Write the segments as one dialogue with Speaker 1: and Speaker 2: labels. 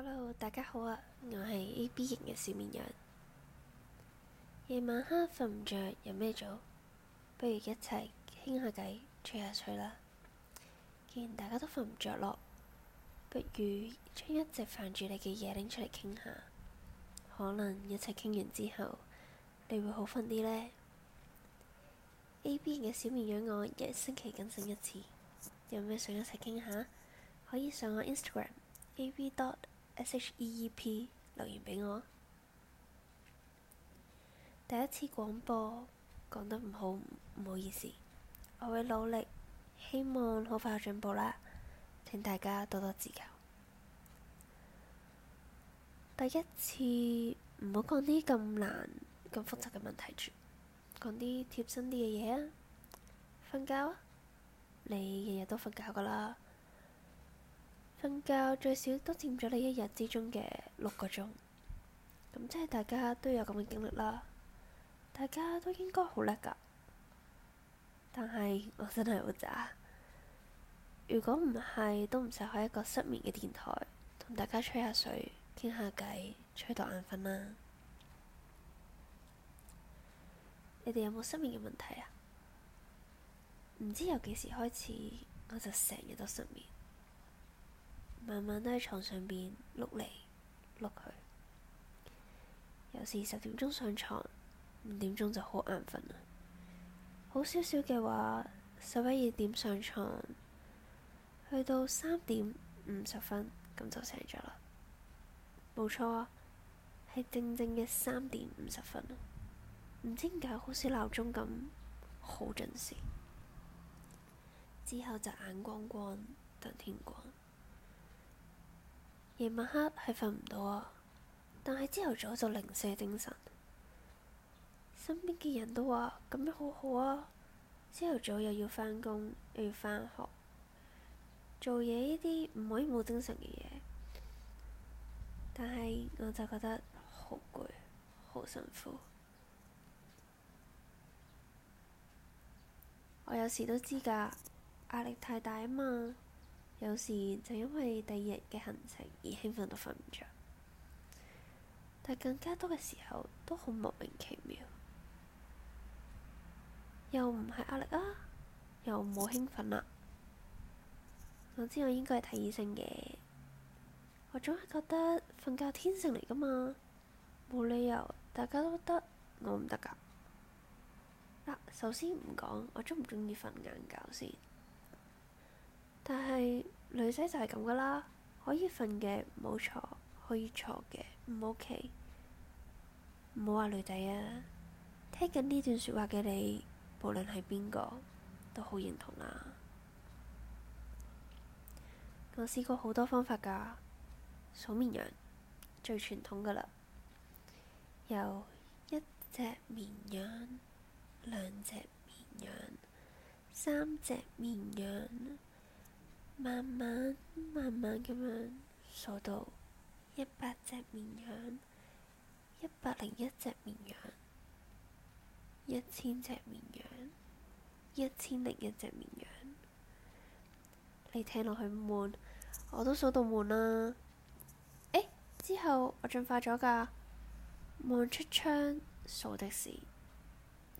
Speaker 1: Hello，大家好啊！我係 A B 型嘅小綿羊。夜晚黑瞓唔着，有咩做？不如一齊傾下偈，吹下吹啦。既然大家都瞓唔着咯，不如將一直煩住你嘅嘢拎出嚟傾下。可能一齊傾完之後，你會好瞓啲呢。A B 型嘅小綿羊，我一星期更新一次。有咩想一齊傾下？可以上我 Instagram a b S H E E P 留言畀我。第一次廣播講得唔好，唔好意思，我會努力，希望好快有進步啦。請大家多多指教。第一次唔好講啲咁難、咁複雜嘅問題住，講啲貼身啲嘅嘢啊！瞓覺啊！你日日都瞓覺㗎喇～瞓覺最少都佔咗你一日之中嘅六個鐘，咁即係大家都有咁嘅經歷啦。大家都應該好叻㗎，但係我真係好渣。如果唔係，都唔使開一個失眠嘅電台，同大家吹下水、傾下偈、吹到眼瞓啦。你哋有冇失眠嘅問題呀？唔知由幾時開始，我就成日都失眠。晚晚都喺床上邊碌嚟碌去，有時十點鐘上床，五點鐘就好眼瞓啦。好少少嘅話，十一二點上床，去到三點五十分咁就醒咗啦。冇錯啊，係正正嘅三點五十分。唔知點解好似鬧鐘咁好準時，之後就眼光光，等天光。夜晚黑係瞓唔到啊，但係朝頭早就零舍精神。身邊嘅人都話咁樣好好啊，朝頭早又要返工又要返學，做嘢呢啲唔可以冇精神嘅嘢。但係我就覺得好攰，好辛苦。我有時都知㗎，壓力太大啊嘛。有時就因為第二日嘅行程而興奮到瞓唔着，但更加多嘅時候都好莫名其妙，又唔係壓力啊，又冇興奮啦，啊。我知我應該係睇醫生嘅，我總係覺得瞓覺天性嚟㗎嘛，冇理由大家都得我唔得㗎。啊，首先唔講我鍾唔鍾意瞓晏覺先。但係女仔就係咁噶啦，可以瞓嘅唔好坐，可以坐嘅唔好企，唔好話女仔啊！聽緊呢段説話嘅你，無論係邊個，都好認同啊。我試過好多方法㗎，數綿羊最傳統㗎啦，有一隻綿羊、兩隻綿羊、三隻綿羊。慢慢慢慢咁樣數到一百隻綿羊，一百零一隻綿羊，一千隻綿羊，一千零一隻綿羊。你聽落去悶，我都數到悶啦。誒、欸，之後我進化咗噶，望出窗數的士，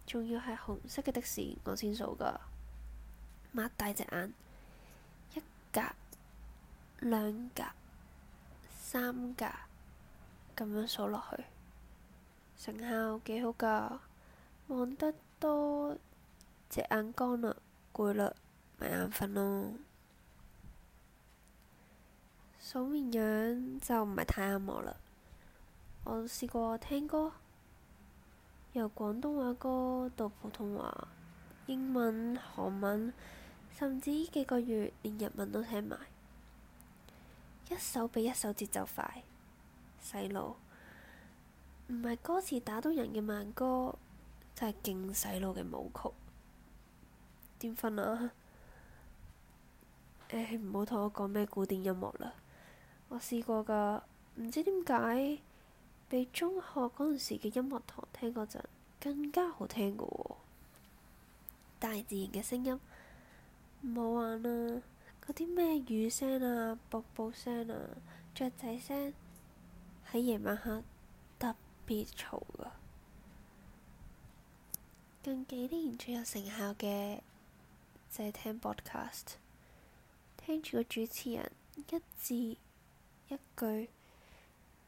Speaker 1: 仲要係紅色嘅的，的士，我先數噶。擘大隻眼。一格、兩格、三格咁樣數落去，成效幾好㗎。望得多隻眼乾啦，攰啦，咪眼瞓咯。數綿羊就唔係太啱我啦。我試過聽歌，由廣東話歌到普通話、英文、韓文。甚至呢幾個月連日文都聽埋，一首比一首節奏快，洗腦。唔係歌詞打到人嘅慢歌，就係勁洗腦嘅舞曲。點瞓啊？唉、欸，唔好同我講咩古典音樂啦。我試過㗎，唔知點解，比中學嗰陣時嘅音樂堂聽嗰陣更加好聽㗎喎、啊。大自然嘅聲音。冇玩啦、啊！嗰啲咩雨聲啊、瀑布聲啊、雀仔聲、啊，喺夜、啊、晚黑特別嘈噶。近幾年最有成效嘅就係、是、聽 broadcast 聽住個主持人一字一句，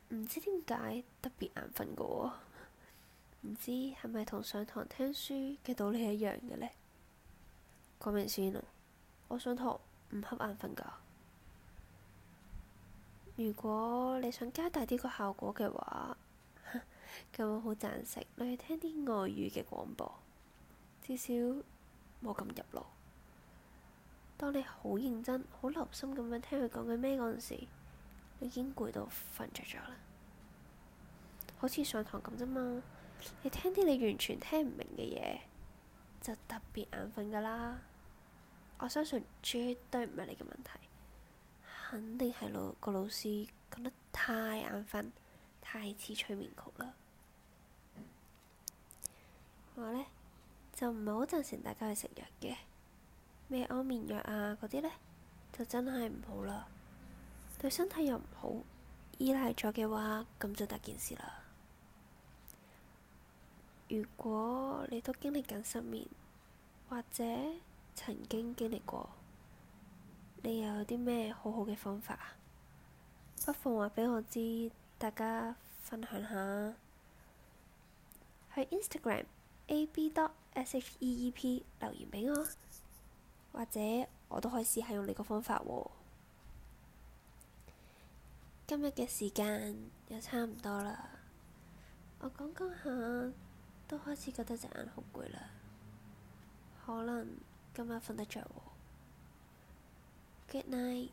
Speaker 1: 唔知點解特別眼瞓噶喎？唔知係咪同上堂聽書嘅道理一樣嘅咧？講明先啦～我上堂唔瞌眼瞓㗎。如果你想加大啲個效果嘅話，咁我好贊成你去聽啲外語嘅廣播，至少冇咁入腦。當你好認真、好留心咁樣聽佢講緊咩嗰陣時，你已經攰到瞓着咗啦。好似上堂咁啫嘛，你聽啲你完全聽唔明嘅嘢，就特別眼瞓㗎啦。我相信絕對唔係你嘅問題，肯定係老個老師講得太眼瞓，太似催眠曲啦。我呢就唔係好贊成大家去食藥嘅，咩安眠藥啊嗰啲呢就真係唔好啦，對身體又唔好，依賴咗嘅話咁就大件事啦。如果你都經歷緊失眠，或者曾經經歷過，你有啲咩好好嘅方法啊？不妨話俾我知，大家分享下。去 Instagram a b s h e e p 留言俾我，或者我都可以試下用你個方法喎。今日嘅時間又差唔多啦，我講講下都開始覺得隻眼好攰啦，可能。今晚瞓得着喎，good night，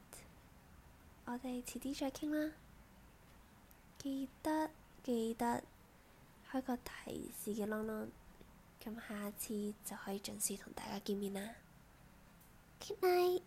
Speaker 1: 我哋遲啲再傾啦，記得記得開個提示嘅啷啷，咁下次就可以準時同大家見面啦，good night。